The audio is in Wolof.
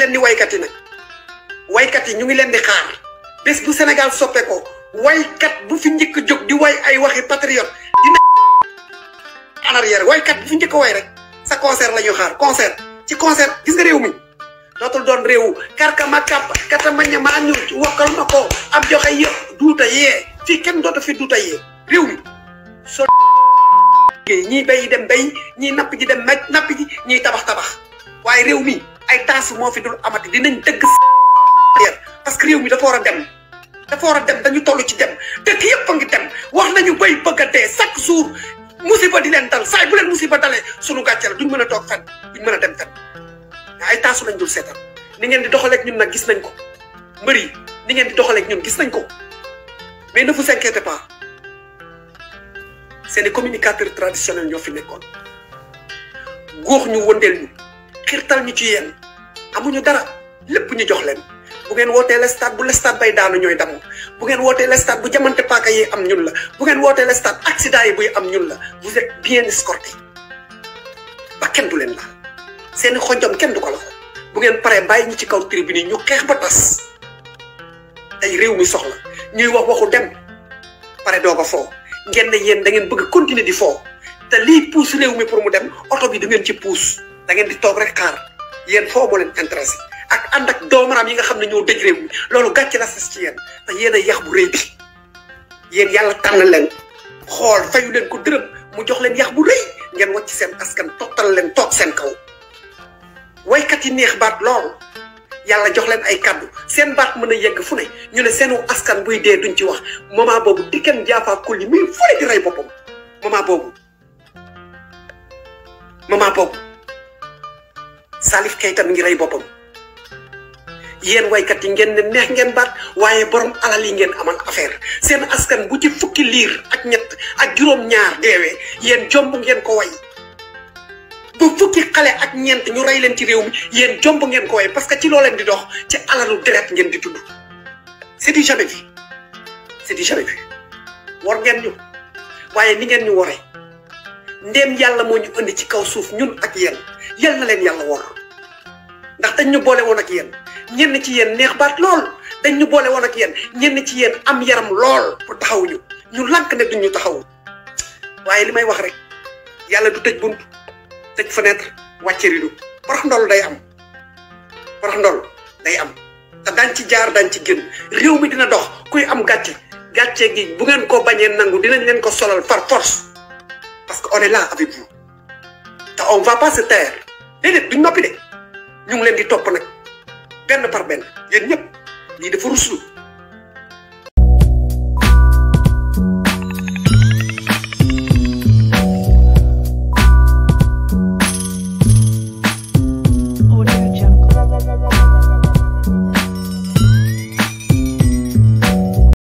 Wai di waykat yi nag waykat yi ñu ngi len di xaar bes bu senegal soppé ko waykat bu fi ñëk jog di way ay waxi patriote dina en arrière waykat bu fi ñëk way rek sa concert la xaar concert ci concert gis nga rew mi dotul doon rew karka ma kata katamaña ma ñu wakal nako am joxe yëpp duuta yee fii kenn dotu fi duuta ye rew mi so ñi bay dem bay ñi nap ji dem naj napi, ji tabah tabax tabax waye rew mi ay taas moo fi dul amati dinañ dëgg parce que réew mi dafa war a dem dafa war a dem dañu toll ci dem dëkk yëpp a dem wax nañu bay bëgg a dee chaque jour musiba di leen dal saay bu leen musiba dalee sunu gàcce la duñ mën a toog fen duñ mën a dem fen ay taasu lañ dul seetal ni ngeen di doxaleeg ñun nag gis nañ ko mbër yi ni ngeen di doxaleeg ñun gis nañ ko mais ne vous inquiétez pas c'est des communicateurs traditionnels ñoo fi nekkoon góox ñu wëndeel ñu xirtal ñu ci yéen amuñu dara lepp ñu jox leen bu ngeen wootee la stade bu la stade bay daanu ñoy damu bu ngeen wootee la stade bu jamante paka yi am ñun la bu ngeen accident yi bu am ñun la vous êtes bien escorté ba kenn du leen la seen xojom kenn du ko laal bu ngeen paré bay ñi ci kaw tribune ñu xex ba tass tey rew mi soxla ñuy wax waxu dem pare do a fo ngeen ne da ngeen bëgg continuer di fo te li pousse rew mi pour mu dem auto bi da ngeen ci pousse da ngeen di tok rek xaar Yen foo moo leen intéressé ak ànd ak doomaraam yi nga xam ne ñoo dëj réew mi loolu gàcce la sas ci yéen te yéen a yax bu rëy bi yéen yàlla tànn leen xool fayu leen ko dërëm mu jox leen yax bu rëy ngeen wàcc seen askan total leen toog seen kaw waykat yi neex baat lool yàlla jox leen ay kàddu seen baat mën a yegg fu ne ñu ne seenu askan buy dee duñ ci wax moment boobu dikkan jaafaa kulli muy fu di rey boppam moment boobu moment boobu Salif Keita mi ngi ray bopam yeen way kat ngeen ne neex ngeen bat waye borom alal yi ngeen amal affaire sen askan bu ci fukki lire ak ñet ak juroom ñaar deewé yeen jomb ngeen ko way bu fukki xalé ak ñent ñu ray leen ci rew mi yeen jomb ngeen ko way parce que ci loolen di dox ci alalu direct ngeen di tuddu c'est du jamais vu c'est du jamais vu war ngeen ñu waye ni ngeen ñu woré ndem yalla mo ñu indi ci kaw suuf ñun ak yeen yalla na leen yalla war ndax dañ ñu boole woon ak yéen ñenn ci yéen neex baat lool dañ ñu boole woon ak yéen ñenn ci yéen am yaram lool pour taxaw ñu ñu lank ne duñu taxaw waaye li may wax rek yàlla du tëj bunt tëj fenêtre wàcce ridu parax ndol day am parax ndol day am te dañ ci jaar dañ ci génn réew mi dina dox kuy am gàcce gàcce gi bu ngeen ko bañee nangu dinañ leen ko solal par force parce que on est là avec vous te on va pas se taire déedéet duñ noppi de ñu leen di topp nag benn par benn yéen ñëpp lii dafa ruslu